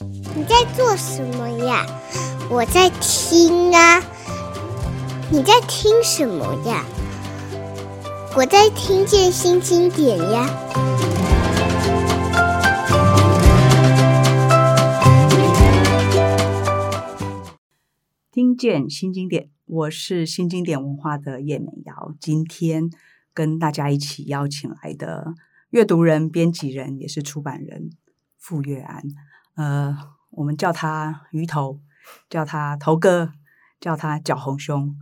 你在做什麼呀？我在聽啊。你在聽什麼呀？我在聽見新經典呀。聽見新經典，我是新經典文化的葉美瑤，今天跟大家一起邀請來的閱讀人、編輯人，也是出版人傅月庵。呃，我們叫他魚頭，叫他頭哥，叫他角紅兄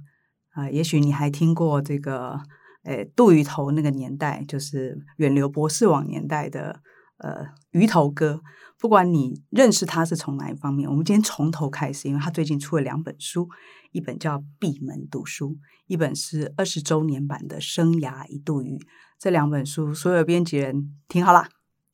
啊、呃。也許你還聽過這個，誒，蠹魚頭那個年代，就是遠流博識網年代的，呃，魚頭哥。不管你認識他是從哪一方面，我們今天從頭開始，因為他最近出了兩本書，一本叫《閉門讀書》，一本是二十週年版的《生涯一蠹魚》。這兩本書，所有編輯人聽好了。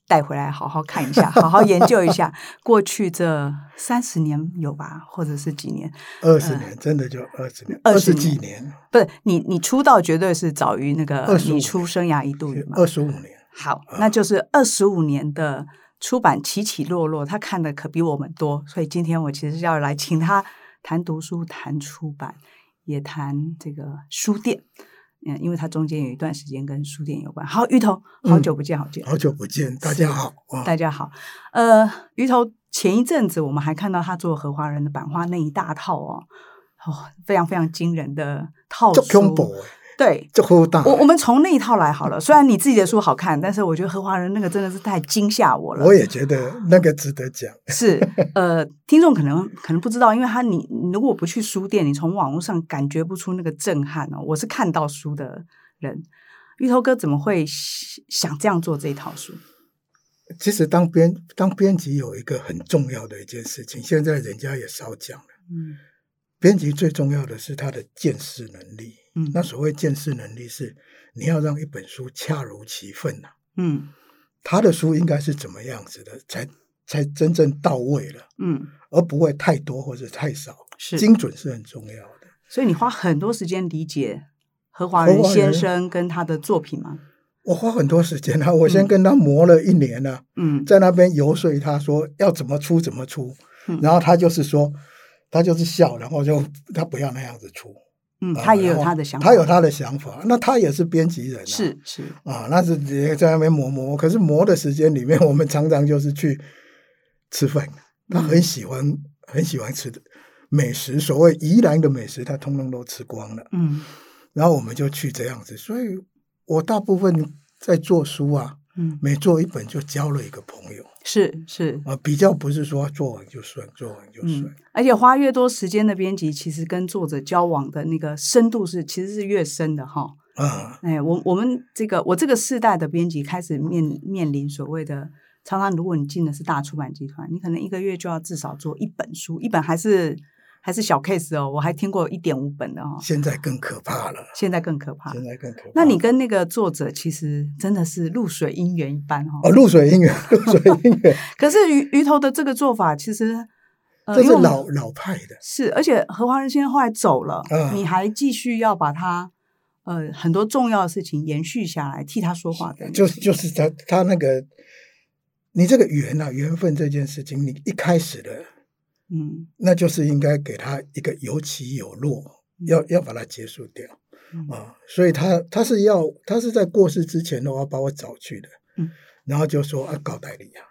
帶回來好好看一下，好好研究一下過去這三十年有吧， 或者是幾年？二十年、呃，真的就二十年，二十幾年？不是你，你出道絕對是早於那個，你出生涯一度二十五年。好、嗯，那就是二十五年的出版起起落落，他看得可比我們多。所以今天我其實要來請他談讀書、談出版，也談這個書店。嗯，因為他中間有一段時間跟書店有關。好，魚頭，好久不見，嗯、好久。好久不見，大家好，哦、大家好。呃，魚頭前一陣子我們還看到他做何華仁的版畫那一大套哦，哦，非常非常驚人的套書。對，呼呼大我我們從那一套來好了。雖然你自己的書好看，但是我覺得何華仁那個真的是太驚嚇我了。我也覺得那個值得講。 是，呃，聽眾可能可能不知道，因為他你，你如果不去書店，你從網絡上感覺不出那個震撼哦。我是看到書的人，月庵哥怎麼會想這樣做這一套書？其實當編當編輯有一個很重要的一件事情，現在人家也少講了。嗯，編輯最重要的是他的見識能力。嗯、那所謂見識能力是，你要讓一本書恰如其分吶、啊。嗯，他的書應該是怎麼樣子的，才才真正到位了。嗯，而不會太多或者太少，是。精準是很重要的。所以你花很多時間理解何華仁先生跟他的作品嗎？我花很多時間啊，我先跟他磨了一年呢、啊。嗯，在那邊遊說他說要怎麼出怎麼出，然後他就是說，他就是笑，然後就他不要那樣子出。嗯，他也有他的想法、啊，他有他的想法，那他也是編輯人、啊、是是啊，那是也在那邊磨磨。可是磨的時間裡面，我們常常就是去吃飯。他很喜歡、嗯、很喜歡吃的美食，所謂宜蘭的美食，他通通都吃光了。嗯，然後我們就去這樣子，所以我大部分在做書啊。嗯，每做一本就交了一個朋友，是是啊、呃，比較不是說做完就算，做完就算，嗯、而且花越多時間的編輯，其實跟作者交往的那個深度是其實是越深的哈。嗯、啊，哎、欸，我我們這個我這個世代的編輯開始面面臨所謂的，常常如果你進的是大出版集團，你可能一個月就要至少做一本書，一本還是。還是小 case 哦，我還聽過一點五本的哦。現在更可怕了。現在更可怕。現在更可怕了。那你跟那個作者其實真的是露水姻緣一般哦。哦，露水姻緣，露水姻緣。 可是魚魚頭的這個做法其實、呃、這是老老派的。是，而且何華仁先生後來走了、嗯，你還繼續要把他呃很多重要的事情延續下來，替他說話的。就是、就是他他那個、嗯、你這個緣啊緣分這件事情，你一開始的。嗯，那就是應該給他一個有起有落，嗯，要要把它結束掉，嗯，啊。所以他他是要他是在過世之前的話把我找去的，嗯，然後就說啊，搞代理啊，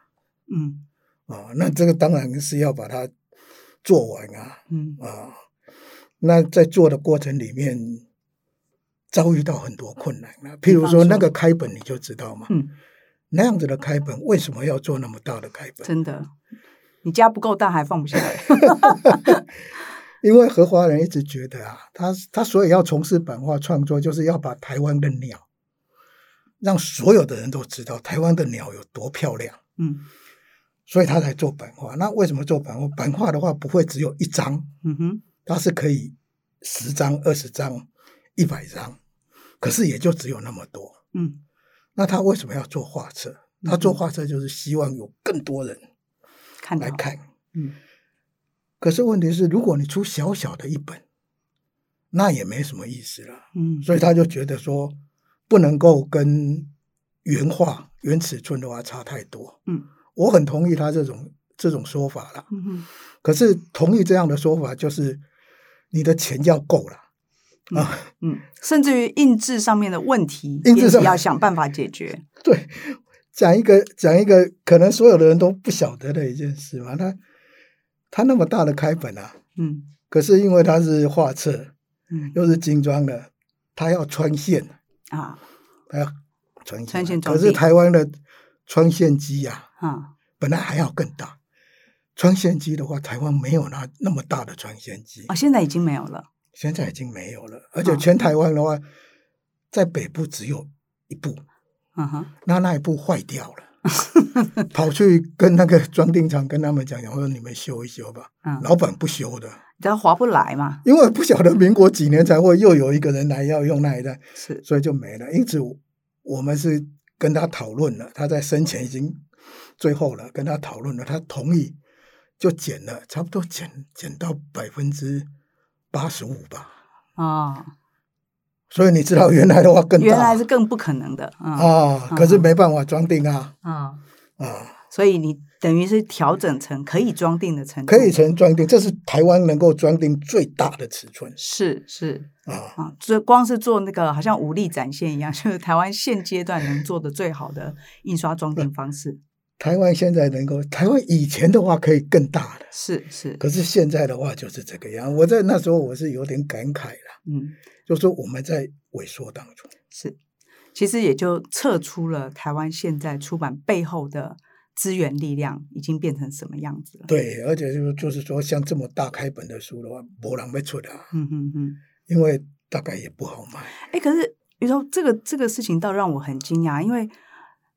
嗯啊，那這個當然是要把它做完啊，嗯啊，那在做的過程裡面，遭遇到很多困難了，啊，譬如說那個開本你就知道嘛，嗯，那樣子的開本為什麼要做那麼大的開本？真的。你家不夠大，還放不下來。 因為何華仁一直覺得啊，他他所以要從事版畫創作，就是要把台灣的鳥讓所有的人都知道台灣的鳥有多漂亮。嗯，所以他才做版畫。那為什麼做版畫？版畫的話不會只有一張，嗯哼，它是可以十張、二十張、一百張，可是也就只有那麼多。嗯，那他為什麼要做畫冊？他做畫冊就是希望有更多人。看來看，嗯，可是問題是，如果你出小小的一本，那也沒什麼意思了，嗯，所以他就覺得說，不能夠跟原畫、原尺寸的話差太多，嗯，我很同意他這種這種說法了，嗯嗯，可是同意這樣的說法，就是你的錢要夠了啊，嗯，嗯 甚至於印製上面的問題，印製也要想辦法解決，對。講一個講一個，可能所有的人都不曉得的一件事嘛。他他那麼大的開本啊，嗯，可是因為他是畫冊，嗯，又是精裝的，他要穿線啊，他要穿線，穿線，可是台灣的穿線機啊，啊，本來還要更大，穿線機的話，台灣沒有那那麼大的穿線機啊、哦，現在已經沒有了，現在已經沒有了，而且全台灣的話，啊、在北部只有一部。嗯哼，那那一部壞掉了， 跑去跟那個裝訂廠跟他們講，我說你們修一修吧。嗯，老闆不修的，你知道划不來嘛。因為不曉得民國幾年才會又有一個人來要用那一代，是，所以就沒了。因此我們是跟他討論了，他在生前已經最後了，跟他討論了，他同意就減了，差不多減減到百分之八十五吧。啊、哦。所以你知道原來的話更大，啊、原來是更不可能的啊！啊、嗯哦，可是沒辦法裝訂啊！啊、嗯、啊、嗯嗯，所以你等於是調整成可以裝訂的成，可以成裝訂，這是台灣能夠裝訂最大的尺寸，是是啊啊！這、嗯、光是做那個好像武力展現一樣，就是台灣現階段能做的最好的印刷裝訂方式。嗯台灣現在能夠，台灣以前的話可以更大的，是是。可是現在的話就是這個樣，我在那時候我是有點感慨了，嗯，就是說我們在萎縮當中。是，其實也就測出了台灣現在出版背後的資源力量已經變成什麼樣子了。對，而且就就是說，像這麼大開本的書的話，沒人會出的。嗯嗯嗯，因為大概也不好賣哎、欸，可是你說這個這個事情倒讓我很驚訝，因為。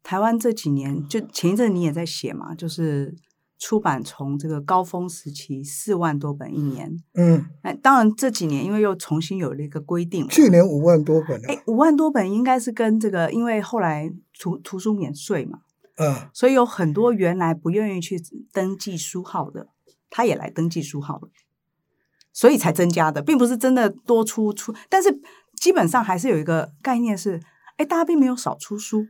台灣這幾年就前一陣你也在寫嘛，就是出版從這個高峰時期四萬多本一年，嗯，哎，當然這幾年因為又重新有了一個規定，去年五萬多本，啊，哎、欸，五萬多本應該是跟這個，因為後來圖圖書免稅嘛，嗯，所以有很多原來不願意去登記書號的，他也來登記書號了，所以才增加的，並不是真的多出出，但是基本上還是有一個概念是，哎、欸，大家並沒有少出書。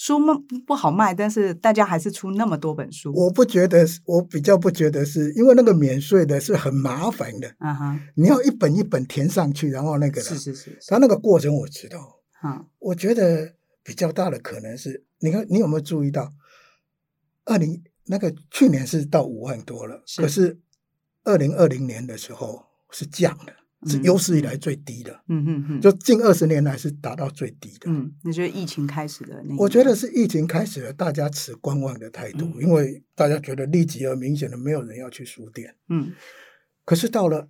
書賣不好賣，但是大家還是出那麼多本書。我不覺得，我比較不覺得是因為那個免稅的是很麻煩的。Uh -huh. 你要一本一本填上去，然後那個是是是，uh -huh. 它那個過程我知道。啊、uh -huh.，我覺得比較大的可能是，你看，你有沒有注意到，二零那個去年是到五萬多了，uh -huh. 可是二零二零年的時候是降的。是有史以來最低的，嗯哼哼、嗯嗯，就近二十年來是達到最低的。嗯，你覺得疫情開始的那個？我覺得是疫情開始的，大家持觀望的態度、嗯，因為大家覺得立即而明顯的沒有人要去書店。嗯，可是到了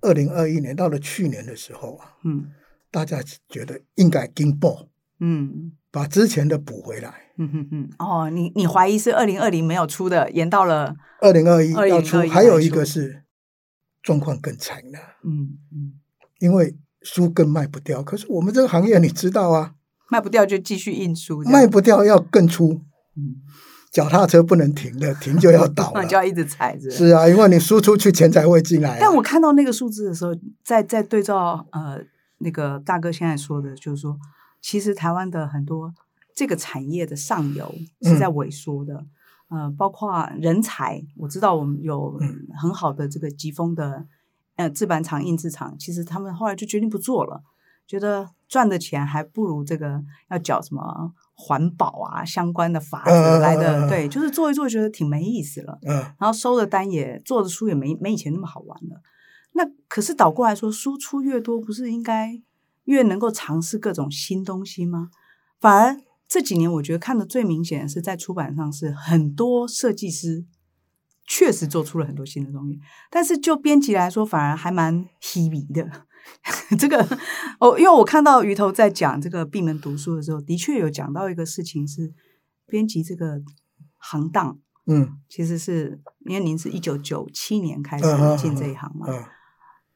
二零二一年，到了去年的時候、啊，嗯，大家覺得應該 gain back 嗯，把之前的補回來。嗯哼哼、嗯嗯，哦，你你懷疑是二零二零沒有出的，延到了二零二一，要出，還有一個是。狀況更慘了，嗯嗯，因為書更賣不掉。可是我們這個行業，你知道啊，賣不掉就繼續印書，賣不掉要更出。嗯，腳踏車不能停的，停就要倒， 就要一直踩着。是啊，因為你書出去錢才會進來。 但我看到那個數字的時候，在在對照呃那個大哥現在說的，就是說，其實台灣的很多這個產業的上游是在萎縮的。嗯呃，包括人才，我知道我們有很好的這個疾風的、嗯、呃製版廠、印製廠，其實他們後來就決定不做了，覺得賺的錢還不如這個要繳什麼環保啊相關的法案來的、嗯嗯嗯，對，就是做一做覺得挺沒意思了。嗯、然後收的單也做的書也沒沒以前那麼好玩了。那可是倒過來說，輸出越多，不是應該越能夠嘗試各種新東西嗎？反而。這幾年我覺得看的最明顯的是，在出版上是很多設計師確實做出了很多新的東西，但是就編輯來說，反而還蠻稀微的。 這個哦，因為我看到魚頭在講這個閉門讀書的時候，的確有講到一個事情是，編輯這個行當，嗯，其實是因為您是一九九七年開始進這一行嘛、嗯嗯嗯嗯，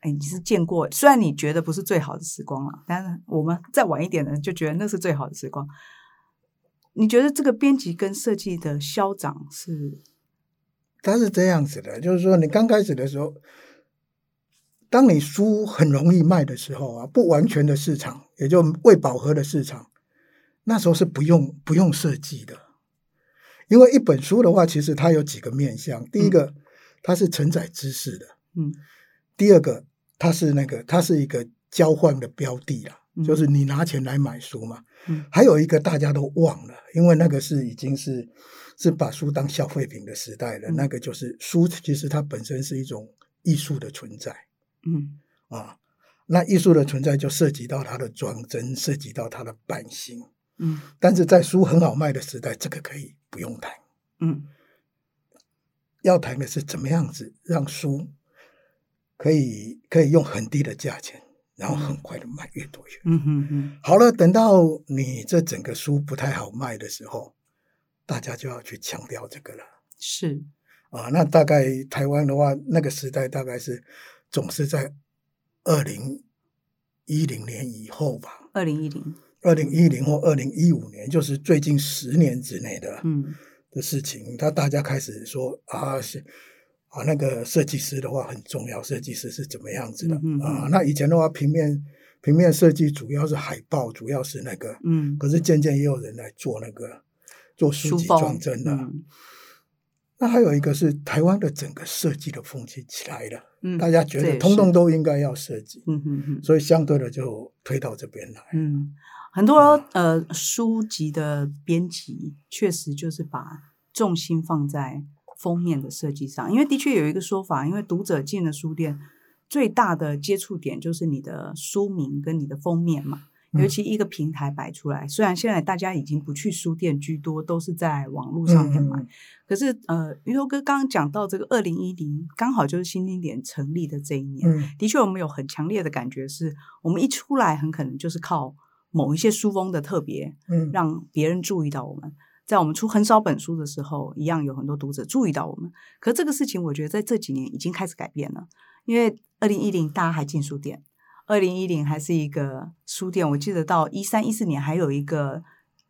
哎，你是見過，雖然你覺得不是最好的時光了，但是我們再晚一點的人就覺得那是最好的時光。你覺得這個編輯跟設計的消長是？他是這樣子的，就是說，你剛開始的時候，當你書很容易賣的時候啊，不完全的市場，也就未飽和的市場，那時候是不用不用設計的。因為一本書的話，其實它有幾個面向：第一個，它是承載知識的；嗯，第二個，它是那個，它是一個交換的標的啊，就是你拿錢來買書嘛。嗯、還有一個大家都忘了，因為那個是已經是是把書當消費品的時代了。嗯、那個就是書，其實它本身是一種藝術的存在。嗯啊，那藝術的存在就涉及到它的裝幀，涉及到它的版型。嗯，但是在書很好賣的時代，這個可以不用談。嗯，要談的是怎麼樣子讓書可以可以用很低的價錢。然後很快的賣越多越，嗯哼哼。好了，等到你這整個書不太好賣的時候，大家就要去強調這個了。是啊，那大概台灣的話，那個時代大概是總是在二零一零年以後吧。二零一零，二零一零或二零一五年，就是最近十年之內的嗯、的事情，他大家開始說啊是。啊，那個設計師的話很重要。設計師是怎麼樣子的、嗯嗯、啊？那以前的話，平面平面設計主要是海報，主要是那個。嗯。可是漸漸也有人來做那個做書籍裝幀了、嗯。那還有一個是台灣的整個設計的風氣起來了、嗯，大家覺得通通都應該要設計。嗯嗯嗯。所以相對的就推到這邊來。嗯，很多、嗯、呃書籍的編輯確實就是把重心放在。封面的設計上，因為的確有一個說法，因為讀者進了書店，最大的接觸點就是你的書名跟你的封面嘛。尤其一個平台擺出來、嗯，雖然現在大家已經不去書店居多，都是在網絡上面買、嗯嗯。可是，呃，魚頭哥剛剛講到這個二零一零，剛好就是新經典成立的這一年、嗯。的確，我們有很強烈的感覺是，是我們一出來，很可能就是靠某一些書封的特別、嗯，讓別人注意到我們。在我們出很少本書的時候，一樣有很多讀者注意到我們。可這個事情，我覺得在這幾年已經開始改變了。因為二零一零，大家還進書店；二零一零還是一個書店。我記得到一三一四年，還有一個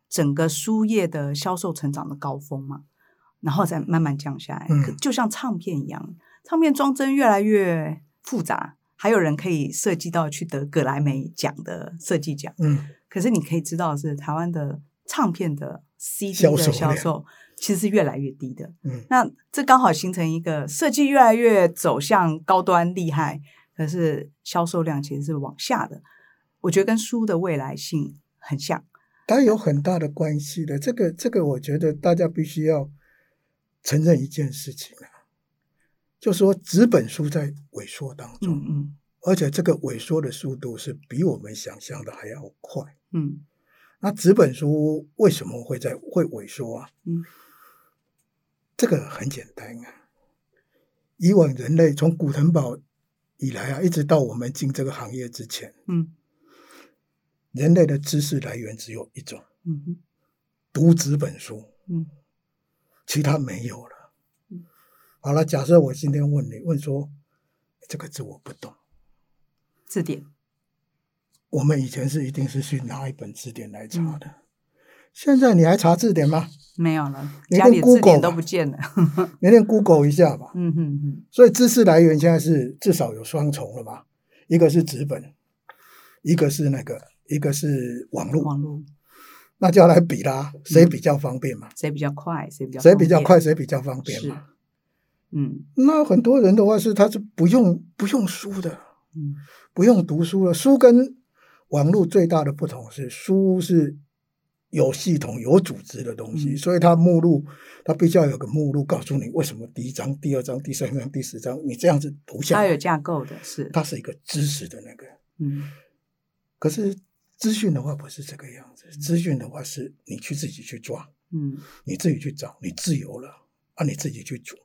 整個書業的銷售成長的高峰嘛，然後再慢慢降下來。嗯，可就像唱片一樣，唱片裝幀越來越複雜，還有人可以設計到去得葛萊美獎的設計獎。嗯，可是你可以知道是，是台灣的唱片的。C D 的銷售，銷售其實是越來越低的，嗯，那這剛好形成一個設計越來越走向高端厲害，可是銷售量其實是往下的。我覺得跟書的未來性很像，它有很大的關係的。這個這個，我覺得大家必須要承認一件事情啊，就是說紙本書在萎縮當中，嗯，嗯，而且這個萎縮的速度是比我們想象的還要快，嗯。那紙本書為什麼會在會萎縮啊、嗯？這個很簡單啊。以往人類從古騰堡以來啊，一直到我們進這個行業之前，嗯，人類的知識來源只有一種，嗯哼、讀紙本書、嗯，其他沒有了。好了，假設我今天問你，問說，這個字我不懂，字典。我們以前是一定是去拿一本字典來查的，嗯、現在你還查字典嗎？沒有了，連 Google 家裡字典都不見了。 你連 Google 一下吧。嗯嗯嗯。所以知識來源現在是至少有雙重了吧？一個是紙本，一個是那個，一個是網絡。網絡，那就要來比啦，誰比較方便嘛？誰比較快？誰比較？誰比較快？誰比較方便嘛？嗯，那很多人的話是他是不用不用書的，嗯，不用讀書了，書跟網絡最大的不同是，書是有系統、有組織的東西，嗯、所以它目錄，它必須要有個目錄，告訴你為什麼第一章、第二章、第三章、第十章你這樣子讀下來。它有架構的是，是它是一個知識的那個。嗯。可是資訊的話不是這個樣子，資、嗯、訊的話是你去自己去抓，嗯，你自己去找，你自由了，啊，你自己去組。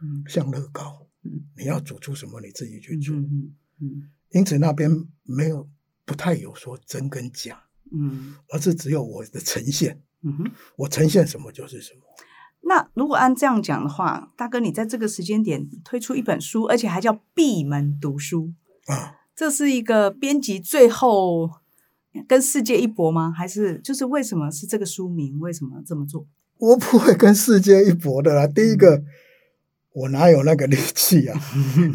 嗯，像樂高，嗯，你要組出什麼你自己去組。嗯。嗯。因此那邊沒有。不太有說真跟假，嗯，而是只有我的呈現，嗯哼，我呈現什麼就是什麼。那如果按這樣講的話，大哥，你在這個時間點推出一本書，而且還叫閉門讀書，啊、嗯，這是一個編輯最後跟世界一搏嗎？還是就是為什麼是這個書名？為什麼這麼做？我不會跟世界一搏的啦。第一個、嗯，我哪有那個力氣啊？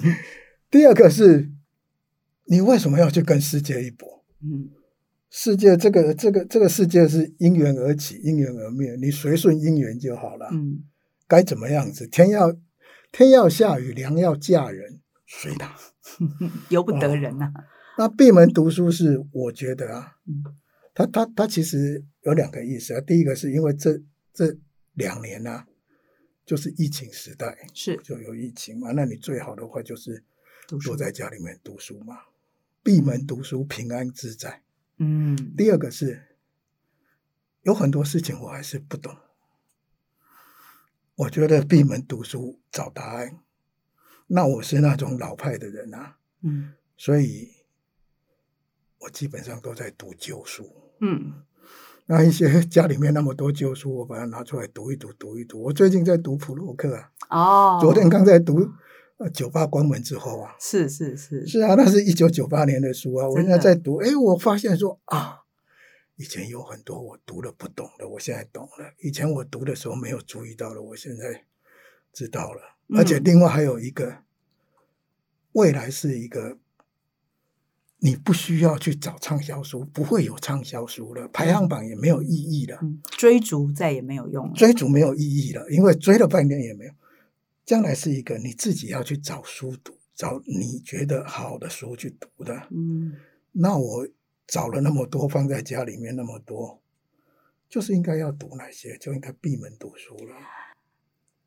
第二個是。你為什麼要去跟世界一搏？嗯，世界這個這個這個世界是因緣而起，因緣而滅，你隨順因緣就好了。嗯，該怎麼樣子？天要天要下雨，娘要嫁人，隨他，由不得人吶、啊哦。那閉門讀書是，我覺得啊，嗯、他他他其實有兩個意思啊。第一個是因為這這兩年呢、啊，就是疫情時代，是就有疫情嘛。那你最好的話就是，坐在家裡面讀書嘛。閉門讀書，平安自在。嗯，第二個是有很多事情我還是不懂。我覺得閉門讀書找答案，那我是那種老派的人啊。嗯，所以，我基本上都在讀舊書。嗯，那一些家裡面那麼多舊書，我把它拿出來讀一讀，讀一讀。我最近在讀普洛克啊。哦。昨天剛在讀。啊，酒吧關門之後啊，是是是，是啊，那是一九九八年的書啊，真的，我現在在讀，哎，我發現說啊，以前有很多我讀了不懂的，我現在懂了。以前我讀的時候沒有注意到的，我現在知道了。嗯、而且另外還有一個，未來是一個你不需要去找暢銷書，不會有暢銷書了，排行榜也沒有意義了、嗯，追逐再也沒有用了，追逐沒有意義了，因為追了半天也沒有。將來是一個你自己要去找書讀，找你覺得好的書去讀的。嗯，那我找了那麼多，放在家裡面那麼多，就是應該要讀哪些？就應該閉門讀書了。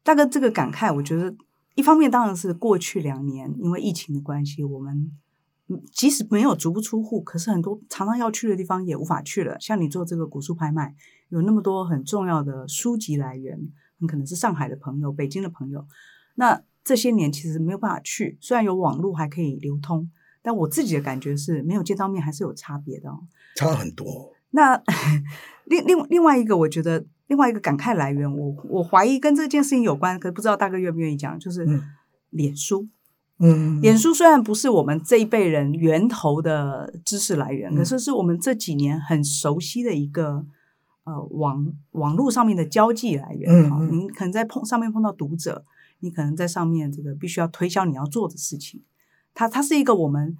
大哥，這個感慨，我覺得一方面當然是過去兩年因為疫情的關係，我們即使沒有足不出戶，可是很多常常要去的地方也無法去了。像你做這個古書拍賣，有那麼多很重要的書籍來源，很可能是上海的朋友、北京的朋友。那這些年其實沒有辦法去，雖然有網絡還可以流通，但我自己的感覺是沒有見到面還是有差別的哦，差很多。那另另另外一個，我覺得另外一個感慨來源，我我懷疑跟這件事情有關，可是不知道大哥願不願意講，就是臉書，嗯，臉書雖然不是我們這一輩人源頭的知識來源，嗯、可是是我們這幾年很熟悉的一個呃網網絡上面的交際來源，嗯，哦、們可能在碰上面碰到讀者。你可能在上面這個必須要推銷你要做的事情，它它是一個我們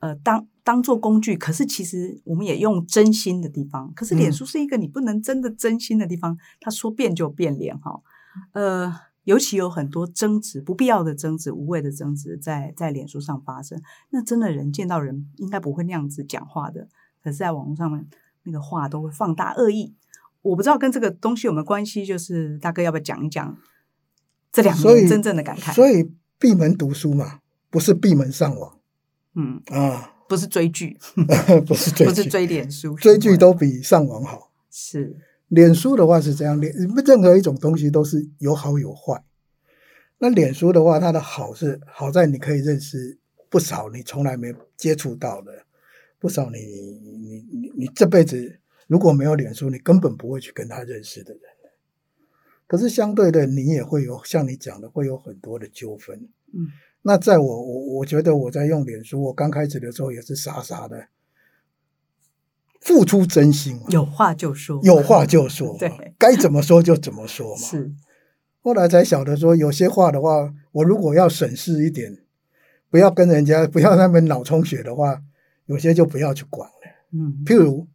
呃當當做工具，可是其實我們也用真心的地方。可是臉書是一個你不能真的真心的地方，它說變就變臉哈。呃，尤其有很多爭執、不必要的爭執、無謂的爭執在在臉書上發生，那真的人見到人應該不會那樣子講話的，可是在網絡上面那個話都會放大惡意。我不知道跟這個東西有沒有關係，就是大哥要不要講一講？這兩年真正的感慨，哦，所，所以閉門讀書嘛，不是閉門上網，嗯啊、嗯，不是追劇，不是追，不是追臉書是，是，追劇都比上網好。是。臉書的話是這樣，臉任何一種東西都是有好有壞。那臉書的話，它的好是好在你可以認識不少你從來沒接觸到的，不少你你你你這輩子如果沒有臉書，你根本不會去跟他認識的人。可是相對的，你也會有像你講的，會有很多的糾紛。嗯，那在我我我覺得我在用臉書，我剛開始的時候也是傻傻的，付出真心，有話就說，有話就說， 對，該怎麼說就怎麼說嘛。 是，後來才曉得說，有些話的話，我如果要省事一點，不要跟人家不要那麼腦充血的話，有些就不要去管了。嗯，譬如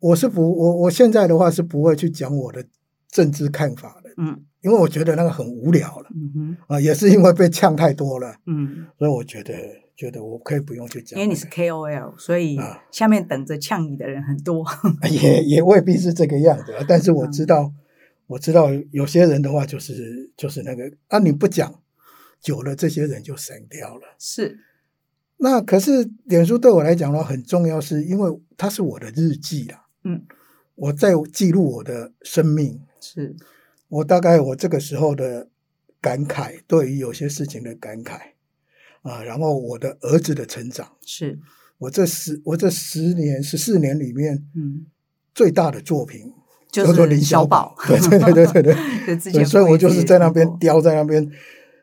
我是不我我現在的話是不會去講我的。政治看法的，嗯，因為我覺得那個很無聊了，嗯哼，啊，也是因為被嗆太多了，嗯，所以我覺得，覺得我可以不用去講，因為你是 KOL，所以下面等着嗆你的人很多，啊嗯、也也未必是這個樣子，但是我知道，嗯、我知道有些人的話就是就是那個啊，你不講，久了這些人就散掉了，是，那可是臉書對我來講的話很重要，是因為它是我的日記啦，嗯，我在記錄我的生命。是我大概我這個時候的感慨，對於有些事情的感慨啊，然後我的兒子的成長，是我這十我這十年十四年裡面，嗯，最大的作品叫做就是林小寶， 對對對對對， 所以，我就是在那邊雕，在那邊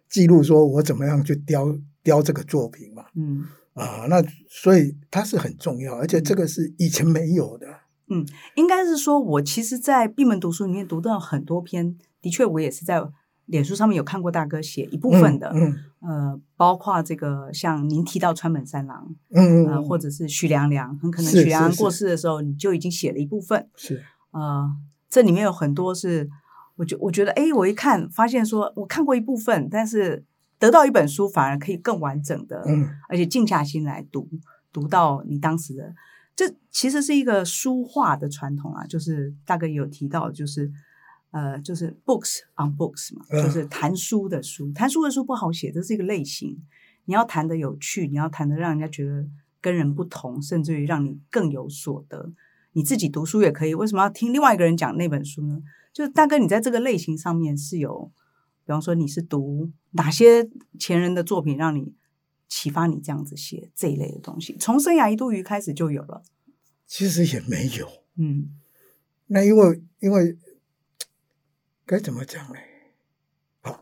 記錄，說我怎麼樣去雕雕這個作品嘛，嗯啊，那所以它是很重要，而且這個是以前沒有的。嗯，應該是說，我其實，在閉門讀書裡面讀到很多篇，的確，我也是在臉書上面有看過大哥寫一部分的，嗯，嗯呃，包括這個像您提到川本三郎，嗯、呃，或者是徐良良、嗯，很可能徐良良過世的時候，你就已經寫了一部分，是是，是，呃，這裡面有很多是，我覺我覺得，哎，我一看發現說我看過一部分，但是得到一本書反而可以更完整的，嗯，而且靜下心來讀，讀到你當時的。這其實是一個書話的傳統啊，就是大哥有提到，就是呃，就是 books on books 嘛，就是談書的書，談書的書不好寫，這是一個類型。你要談的有趣，你要談的讓人家覺得跟人不同，甚至於讓你更有所得。你自己讀書也可以，為什麼要聽另外一個人講那本書呢？就是大哥，你在這個類型上面是有，比方說你是讀哪些前人的作品讓你。啟發你這樣子寫這一類的東西，從《生涯一蠹魚》開始就有了。其實也沒有，嗯。那因為因為該怎麼講呢？好、哦，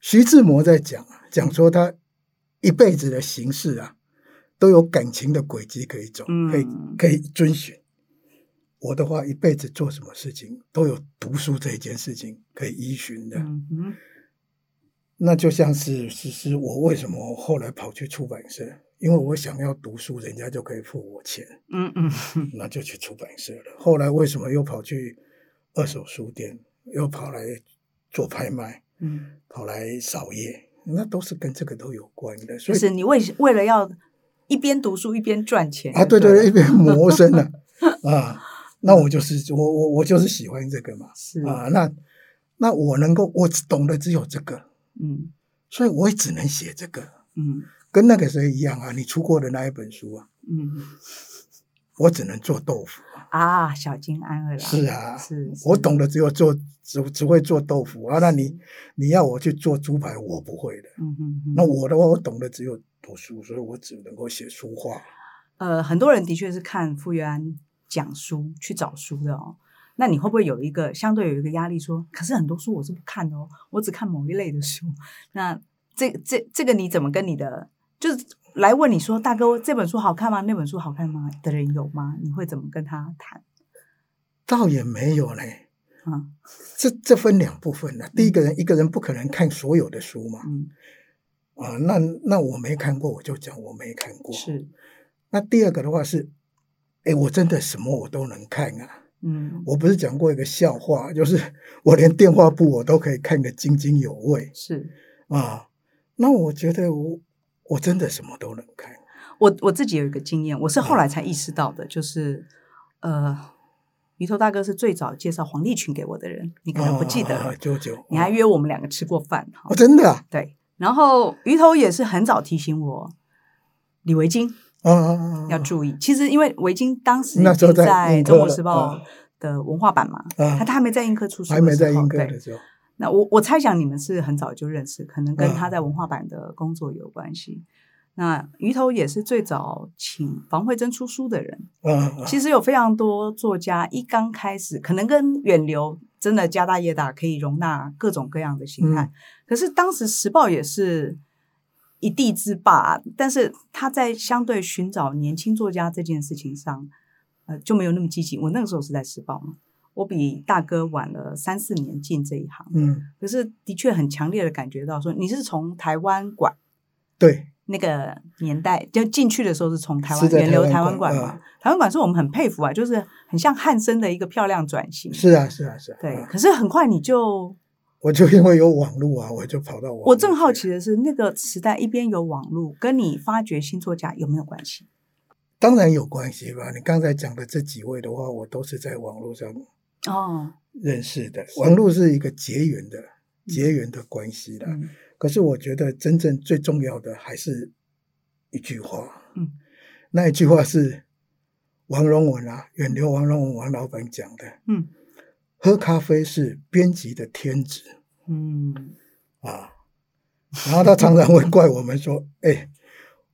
徐志摩在講講說他一輩子的行事啊、嗯，都有感情的軌跡可以走，嗯、可以可以遵循。我的話，一輩子做什麼事情，都有讀書這件事情可以依循的。嗯，嗯。那就像是是是我為什麼後來跑去出版社？因為我想要讀書，人家就可以付我錢。嗯嗯， 那就去出版社了。後來為什麼又跑去二手書店？又跑來做拍賣？嗯，跑來掃葉，那都是跟這個都有關的。所以、就是你為為了要一邊讀書一邊賺錢啊？對對對，一邊謀生的啊， 啊。那我就是我我我就是喜歡這個嘛。是啊，啊那那我能夠我懂的只有這個。嗯，所以我也只能寫這個。嗯，跟那個誰一樣啊，你出過的那一本書啊，嗯，我只能做豆腐啊，小津安二郎。是啊是，是，我懂得只有做，只只會做豆腐啊。那你、嗯、你要我去做豬排，我不會的。嗯嗯，那我的話，我懂得只有讀書，所以我只能夠寫書話。呃，很多人的確是看傅月庵講書去找書的哦。那你會不會有一個相對有一個壓力？說，可是很多書我是不看哦，我只看某一類的書。那這這這個你怎麼跟你的就是來問你說，大哥，這本書好看嗎？那本書好看嗎？的人有嗎？你會怎麼跟他談？倒也沒有嘞。啊，這這分兩部分的，啊。第一個人，嗯，一個人不可能看所有的書嘛。嗯。啊、呃，那那我沒看過，我就講我沒看過。是。那第二個的話是，誒，我真的什麼我都能看啊。嗯，我不是講過一個笑話，就是我連電話簿我都可以看得津津有味。是啊，那我覺得我我真的什麼都能看。我我自己有一個經驗，我是後來才意識到的，嗯、就是呃，魚頭大哥是最早介紹黃立群給我的人，你可能不記得。九、哦、九、啊啊啊、你還約我們兩個吃過飯？哦、真的、啊、對，然後魚頭也是很早提醒我，李維京。嗯嗯嗯、要注意，其實因為維京當時在《中國時報》的文化版嘛，嗯、他他還沒在印刻出書的時候，還沒在印刻的時候對、嗯。那我我猜想你們是很早就認識，可能跟他在文化版的工作有關係。嗯、那魚頭也是最早請房慧真出書的人。嗯嗯、其實有非常多作家一剛開始，可能跟遠流真的家大業大，可以容納各種各樣的形態。嗯、可是當時《時報》也是。一地之霸，但是他在相對尋找年輕作家這件事情上，呃，就沒有那麼積極。我那個時候是在時報嘛，我比大哥晚了三四年進這一行，嗯，可是，就是的確很強烈的感覺到，說你是從台灣館，對，那個年代就進去的時候是從台灣遠流台灣館嘛，呃，台灣館是我們很佩服啊，就是很像漢生的一個漂亮轉型，是啊是啊是啊，對啊，可是很快你就。我就因為有網絡啊，我就跑到網絡。我正好奇的是，那個時代一邊有網絡，跟你發掘新作家有沒有關係？當然有關係吧。你剛才講的這幾位的話，我都是在網絡上哦認識的、哦。網絡是一個結緣的、嗯、結緣的關係啦、嗯。可是我覺得真正最重要的還是一句話。嗯，那一句話是王榮文啊，遠流王榮文王老板講的。嗯。喝咖啡是編輯的天職，嗯啊，然後他常常會怪我們說：“哎、 欸，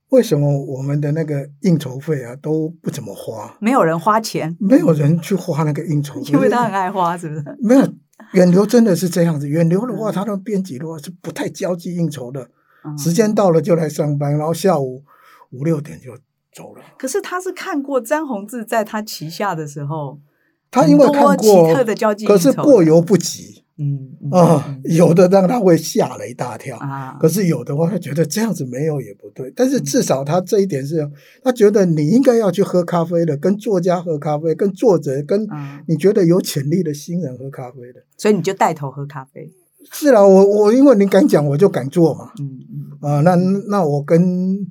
為什麼我們的那個應酬費啊都不怎麼花？沒有人花錢，沒有人去花那個應酬，嗯、因為因為他很愛花，是不是？”沒有遠流真的是這樣子，遠流的話，他的編輯的話是不太交際應酬的，嗯、時間到了就來上班，然後下午五六點就走了。可是他是看過詹宏志在他旗下的時候。他因為看過，可是過猶不及。嗯啊、嗯呃嗯，有的讓他會嚇了一大跳啊。可是有的話，他覺得這樣子沒有也不對。但是至少他這一點是，他覺得你應該要去喝咖啡的，跟作家喝咖啡，跟作者，跟你覺得有潛力的新人喝咖啡的。嗯、所以你就帶頭喝咖啡。是啊，我我因為你敢講，我就敢做嘛。嗯嗯啊、呃，那那我跟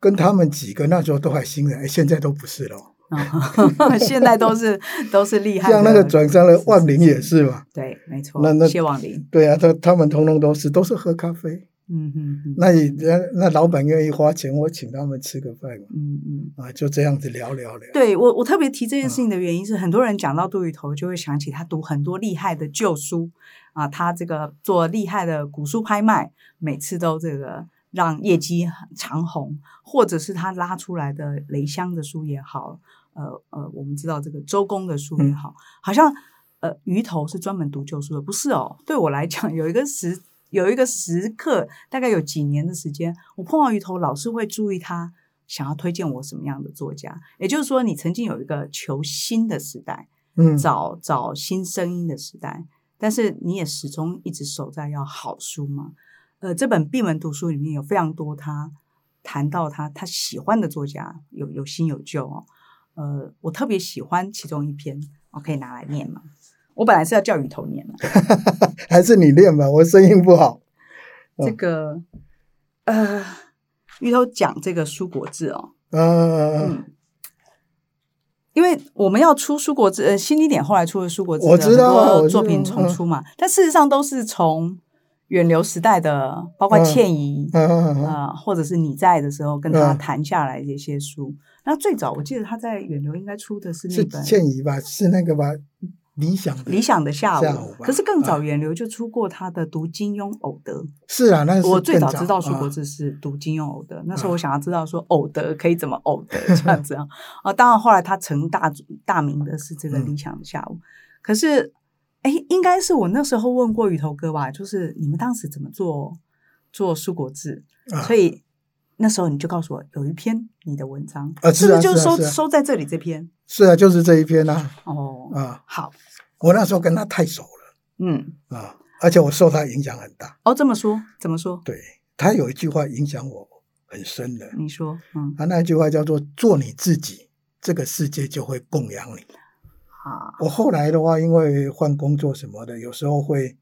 跟他們幾個那時候都還新人，哎、現在都不是了。啊， 現在都是 都是厲害，像那個轉山的旺霖也是嘛，是是是對，沒錯。那那謝旺霖，對啊，他他們統統都是都是喝咖啡，嗯哼嗯哼，那你那那老闆願意花錢，我請他們吃個飯嗯嗯。啊，就這樣子聊聊聊。對，我我特別提這件事情的原因是，嗯、是很多人講到蠹魚頭，就會想起他讀很多厲害的舊書啊，他這個做厲害的古書拍賣，每次都這個。讓業績長紅，或者是他拉出來的雷香的書也好，呃呃，我們知道這個周公的書也好，好像呃魚頭是專門讀舊書的，不是哦？對我來講，有一個時有一個時刻，大概有幾年的時間，我碰到魚頭，老是會注意他想要推薦我什麼樣的作家。也就是說，你曾經有一個求新的時代，嗯，找找新聲音的時代，但是你也始終一直守在要好書嗎？呃，這本閉門讀書裡面有非常多他談到他他喜歡的作家有，有心有新有舊哦。呃，我特別喜歡其中一篇，我、哦、可以拿來念嗎？我本來是要叫芋頭念的， 還是你念吧，我聲音不好。這個呃，芋頭講這個舒國治哦，嗯、嗯、嗯、嗯，嗯，因為我們要出舒國治呃，新經典後來出的舒國治很多作品重出嘛，嗯，但事實上都是從。遠流時代的，包括倩怡，啊、嗯嗯嗯呃，或者是你在的時候跟他談下來的一些書、嗯。那最早我記得他在遠流應該出的是那本是倩怡吧，是那個吧？理想的理想的下午，下午。可是更早遠流就出過他的《讀金庸偶得》啊。是啊，那是我最早知道舒國治是《讀金庸偶得》啊，那時候我想要知道說偶得可以怎麼偶得這樣子啊。 啊，當然後來他成大大名的是這個理想的下午，嗯、可是。哎，應該是我那時候問過魚頭哥吧，就是你們當時怎麼做做蔬果字、嗯？所以那時候你就告訴我有一篇你的文章啊，啊，是不是就是收是、啊是啊、收在這裡這篇？是啊，就是這一篇吶、啊。哦啊，好，我那時候跟他太熟了，嗯啊，而且我受他影響很大。哦，這麼說，怎麼說？對，他有一句話影響我很深的，你說，嗯，啊，他那句話叫做“做你自己，這個世界就會供養你。”我後來的話，因為換工作什麼的，有時候會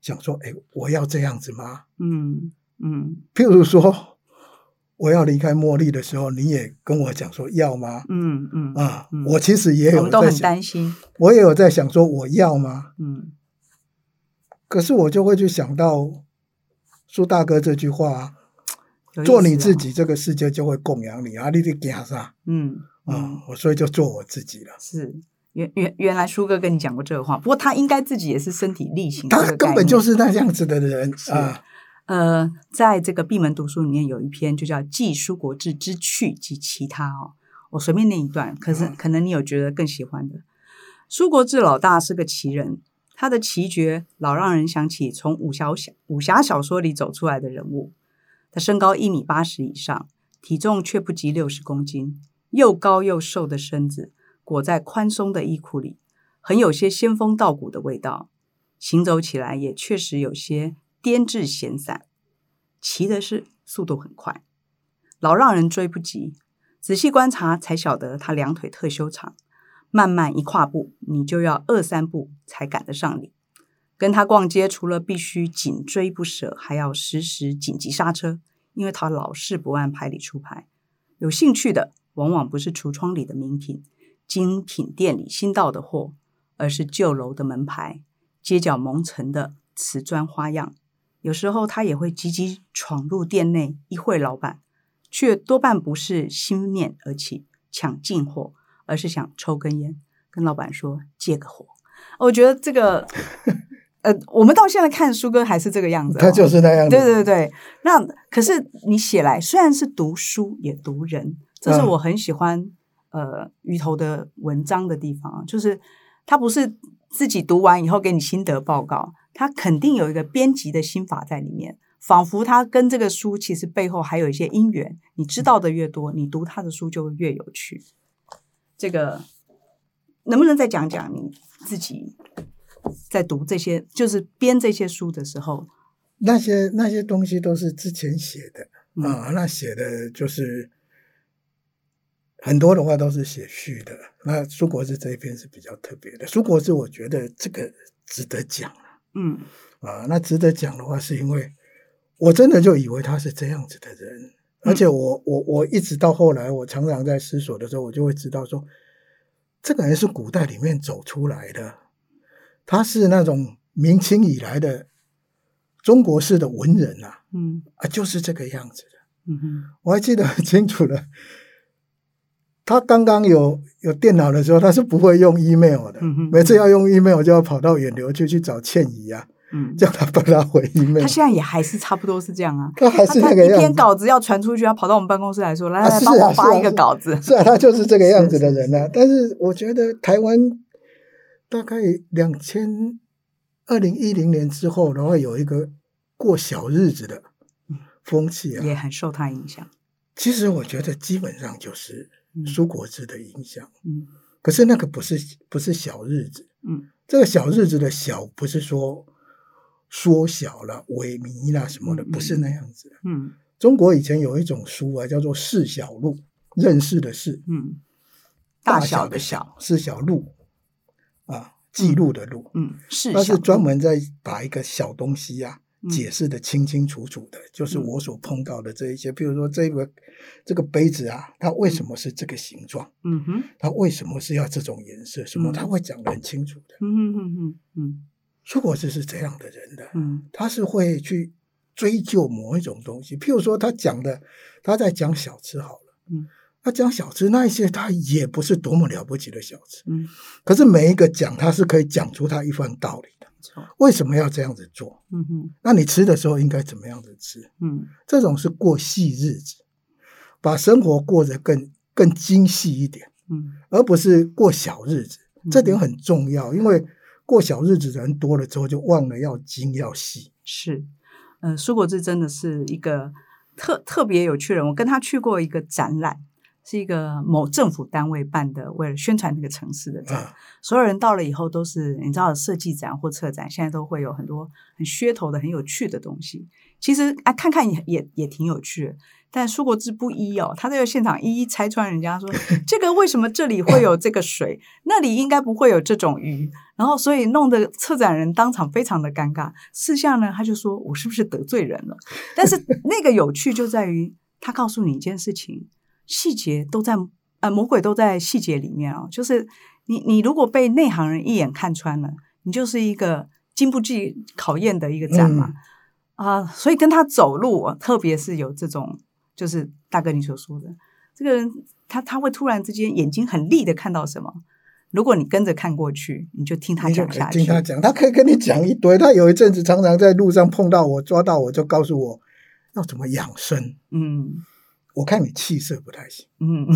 想說：“哎，我要這樣子嗎？”嗯嗯。譬如說，我要離開茉莉的時候，你也跟我講說要嗎？嗯嗯。啊、嗯，我其實也有在想我也有在想說我要嗎？嗯。可是我就會去想到舒大哥這句話：“做你自己，這個世界就會供養你啊，啊！”你得講啥吧？嗯我、嗯嗯、所以就做我自己了。原原原來舒哥跟你講過這個話，不過他應該自己也是身體力行。他根本就是那樣子的人啊。是。呃，在這個《閉門讀書》裡面有一篇就叫《記舒國治之趣及其他》哦，我隨便念一段，可是可能你有覺得更喜歡的。舒、啊、國治老大是個奇人，他的奇絕老讓人想起從武俠小武俠小說裡走出來的人物。他身高一米八十以上，體重卻不及六十公斤，又高又瘦的身子。裹在寬鬆的衣褲裡，很有些仙風道骨的味道。行走起來也確實有些顛滯閒散，奇的是速度很快，老讓人追不及。仔細觀察才曉得他兩腿特修長，慢慢一跨步，你就要二三步才趕得上你。跟他逛街，除了必須緊追不舍，還要時時緊急剎車，因為他老是不按牌理出牌。有興趣的，往往不是櫥窗裡的名品。精品店裡新到的貨，而是舊樓的門牌、街角蒙塵的瓷磚花樣。有時候他也會急急闖入店內，一會老板，卻多半不是心念而起搶進貨，而是想抽根菸，跟老板說借個火。我覺得這個， 呃，我們到現在看舒哥還是這個樣子哦，他就是那樣。對對對，那可是你寫來，雖然是讀書也讀人，這是我很喜歡。呃，魚頭的文章的地方，就是他不是自己讀完以後給你心得報告，他肯定有一個編輯的心法在裡面，仿佛他跟這個書其實背後還有一些因緣。你知道的越多，你讀他的書就越有趣。這個能不能再講講你自己在讀這些，就是編這些書的時候？那些那些東西都是之前寫的。嗯。啊，那寫的就是。很多的話都是寫序的，那舒國治這一篇是比較特別的。舒國治，我覺得這個值得講了，啊。嗯啊，那值得講的話，是因為我真的就以為他是這樣子的人，嗯、而且我我我一直到後來，我常常在思索的時候，我就會知道說，這個人是古代裡面走出來的，他是那種明清以來的中國式的文人啊。嗯啊，就是這個樣子的。嗯哼，我還記得很清楚的。他剛剛有有電腦的時候，他是不會用 email 的。嗯嗯，每次要用 email，就要跑到遠流去去找倩怡啊、嗯，叫他幫他回 email。他現在也還是差不多是這樣啊，他還是那個樣子。他他一篇稿子要傳出去，他跑到我們辦公室來說：“啊、來來來，幫我發一個稿子。”是，是、啊，他就是這個樣子的人啊。但是我覺得台灣大概兩千二零一零年之後，然後有一個過小日子的風氣啊，也很受他影響。其實我覺得基本上就是。舒國治的影響、嗯，可是那個不是不是小日子、嗯，這個小日子的小不是說縮小了、萎靡啦什麼的、嗯，不是那樣子的、嗯，中國以前有一種書啊，叫做《識小錄》，認識的識、嗯，大小的小，識小錄，啊，記錄的錄，嗯，是、嗯、它是專門在把一個小東西啊，解釋得清清楚楚的、嗯，就是我所碰到的這一些，比、嗯、如說這個這個杯子啊，它為什麼是這個形狀？嗯哼，它為什麼是要這種顏色、嗯？什麼？他會講得很清楚的。嗯嗯嗯嗯，如果是，是這樣的人的，嗯，他是會去追究某一種東西，譬如說他講的，他在講小吃好了，嗯，他講小吃那一些，他也不是多麼了不起的小吃，嗯，可是每一個講他是可以講出他一番道理。為什麼要這樣子做？嗯哼，那你吃的時候應該怎麼樣子吃？嗯，這種是過細日子，把生活過得更更精細一點，嗯，而不是過小日子，這點很重要，嗯、因為過小日子的人多了之後，就忘了要精要細。是，嗯、呃，舒國治真的是一個特特別有趣人，我跟他去過一個展覽。是一個某政府單位辦的，為了宣傳這個城市的這樣，所有人到了以後都是你知道，設計展或策展，現在都會有很多很噱頭的、很有趣的東西。其實啊，看看也也也挺有趣，但舒國治不一哦，他在現場一一拆穿人家說，這個為什麼這裡會有這個水，那裡應該不會有這種魚，然後所以弄得的策展人當場非常的尷尬。私下呢，他就說，我是不是得罪人了？但是那個有趣就在於他告訴你一件事情。細節都在，呃，魔鬼都在細節裡面啊、哦。就是你，你如果被內行人一眼看穿了，你就是一個經不起考驗的一個站嘛。啊、嗯呃，所以跟他走路、哦，特別是有這種，就是大哥你所說的，這個人他他會突然之間眼睛很利的看到什麼。如果你跟着看過去，你就聽他講下去。聽他講，他可以跟你講一堆。他有一陣子常常在路上碰到我，抓到我就告訴我要怎麼養生。嗯。我看你氣色不太行，嗯，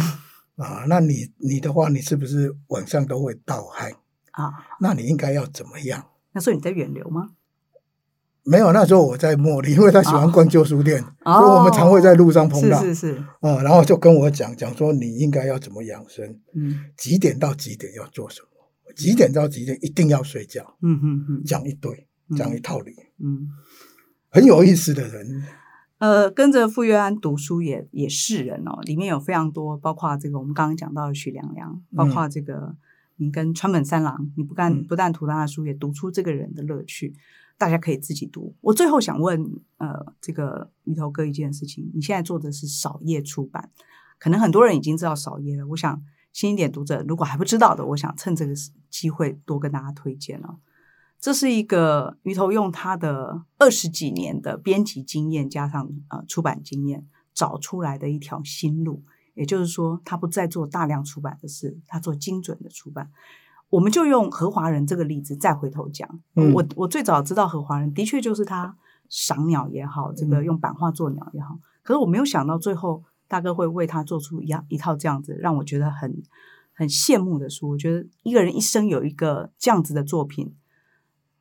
啊、呃，那你你的話，你是不是晚上都會盜汗啊？那你應該要怎麼樣？那時候你在遠流嗎？沒有，那時候我在茉莉，因為他喜歡逛舊書店、啊，所以我們常會在路上碰到、哦嗯，是是是，啊、呃，然後就跟我講講說你應該要怎麼養生，嗯，幾點到幾點要做什麼，幾點到幾點一定要睡覺，嗯嗯嗯，講一堆、嗯，講一套理嗯，嗯，很有意思的人。呃，跟着傅月庵讀書也也是人哦，裡面有非常多，包括這個我們剛剛講到的許涼涼，嗯、包括這個你跟川本三郎，你不幹、嗯、不但讀他的書，也讀出這個人的樂趣，大家可以自己讀。我最後想問，呃，這個魚頭哥一件事情，你現在做的是掃葉出版，可能很多人已經知道掃葉了，我想新一點讀者如果還不知道的，我想趁這個機會多跟大家推薦哦。這是一個魚頭用他的二十幾年的編輯經驗，加上啊、呃、出版經驗找出來的一條新路。也就是說，他不再做大量出版的事，他做精準的出版。我們就用何華仁這個例子再回頭講。我我最早知道何華仁的確就是他賞鳥也好，這個用版畫做鳥也好。可是我沒有想到最後大哥會為他做出一樣，一套這樣子讓我覺得很很羨慕的書。我覺得一個人一生有一個這樣子的作品，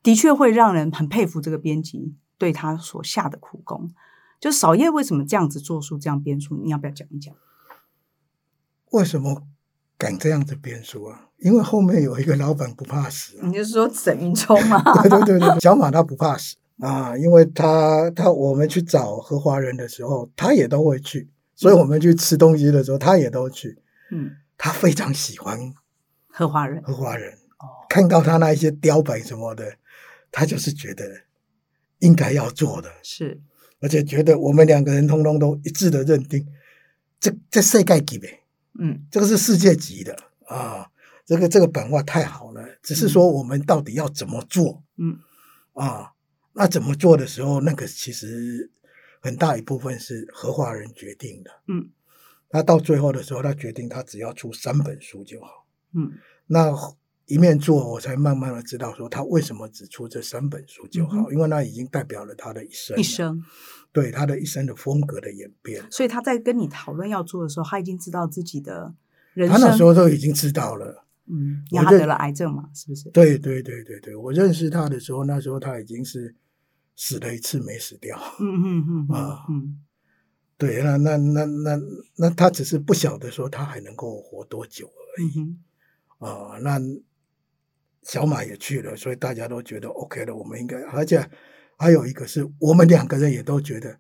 的確會讓人很佩服這個編輯對他所下的苦功。就掃葉為什麼這樣子做書，這樣編書？你要不要講一講？為什麼敢這樣子編書啊？因為後面有一個老闆不怕死、啊。你就是說沈雲驄嘛？ 對對對，小馬他不怕死啊，因為他他我們去找何華仁的時候，他也都會去，所以我們去吃東西的時候，他也都去。嗯，他非常喜歡何華仁。何華仁。看到他那一些雕版什麼的，他就是覺得應該要做的，是，而且覺得我們兩個人通通都一致的認定，這這世界級別，嗯，這個是世界級的啊，這個這個版畫太好了，只是說我們到底要怎麼做，嗯，啊，那怎麼做的時候，那個其實很大一部分是何華仁決定的，嗯，那到最後的時候，他決定他只要出三本書就好，嗯，那。一面做，我才慢慢的知道說他為什麼只出這三本書就好，嗯、因為那已經代表了他的一生一生，對他的一生的風格的演變。所以他在跟你討論要做的時候，他已經知道自己的人生。他那時候都已經知道了，嗯，然後他得了癌症嘛，是不是？對對對對對，我認識他的時候，那時候他已經是死了一次沒死掉，嗯哼哼哼、呃、嗯嗯啊，對，那那那那那他只是不曉得說他還能夠活多久而已啊、嗯呃，那。小馬也去了，所以大家都覺得 OK 了。我們應該，而且還有一個是我們兩個人也都覺得，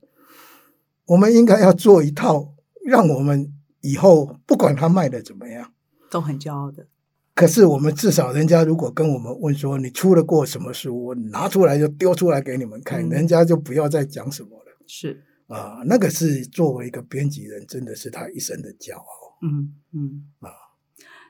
我們應該要做一套，讓我們以後不管他賣的怎麼樣，都很驕傲的。可是我們至少，人家如果跟我們問說你出了過什麼書，我拿出來就丟出來給你們看，嗯、人家就不要再講什麼了。是啊，那個是作為一個編輯人，真的是他一生的驕傲。嗯嗯啊，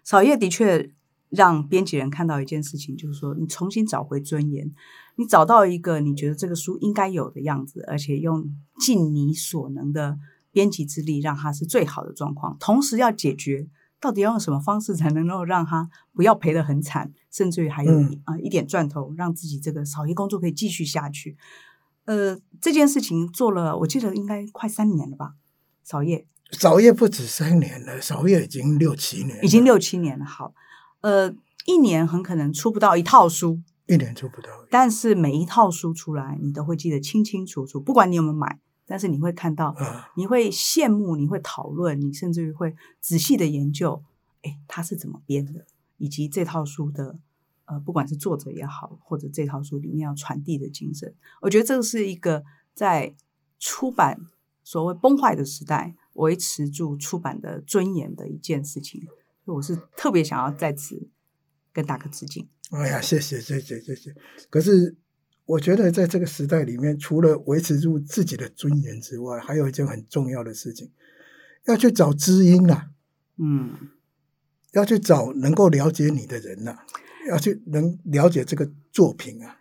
掃葉的確。讓編輯人看到一件事情，就是說你重新找回尊嚴，你找到一個你覺得這個書應該有的樣子，而且用盡你所能的編輯之力，讓它是最好的狀況。同時要解決到底要用什麼方式才能夠讓它不要賠得很慘，甚至於還有啊一點賺頭，嗯，讓自己這個掃葉工作可以繼續下去。呃，這件事情做了，我記得應該快三年了吧？掃葉，掃葉不止三年了，掃葉已經六七年，已經六七年了。好。呃，一年很可能出不到一套書，一年出不到。但是每一套書出來，你都會記得清清楚楚，不管你有沒有買。但是你會看到，啊、你會羨慕，你會討論，你甚至於會仔細的研究，哎、欸，它是怎麼編的，以及這套書的，呃，不管是作者也好，或者這套書裡面要傳遞的精神，我覺得這是一個在出版所謂崩壞的時代，維持住出版的尊嚴的一件事情。我是特別想要再次跟大哥致敬。哎呀，謝謝謝謝謝謝！可是我覺得在這個時代裡面，除了維持住自己的尊嚴之外，還有一件很重要的事情，要去找知音啊，嗯，要去找能夠了解你的人吶，啊，要去能了解這個作品啊。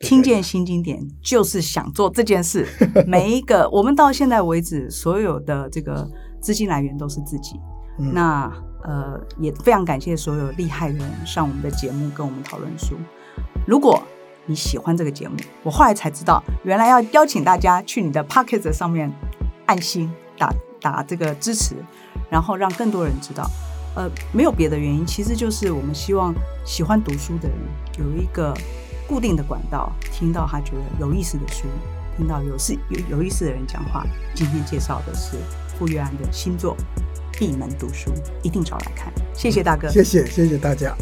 聽見新經典就是想做這件事。 每一個我們到現在為止，所有的這個資金來源都是自己。嗯，那呃，也非常感謝所有厲害的人上我們的節目跟我們討論書。如果你喜歡這個節目，我後來才知道，原來要邀請大家去你的 Podcast 上面愛心打打這個支持，然後讓更多人知道。呃，沒有別的原因，其實就是我們希望喜歡讀書的人有一個固定的管道，聽到他覺得有意思的書，聽到有是有有意思的人講話。今天介紹的是傅月庵的新作。閉門讀書，一定找來看。謝謝大哥，嗯，謝謝，謝謝大家。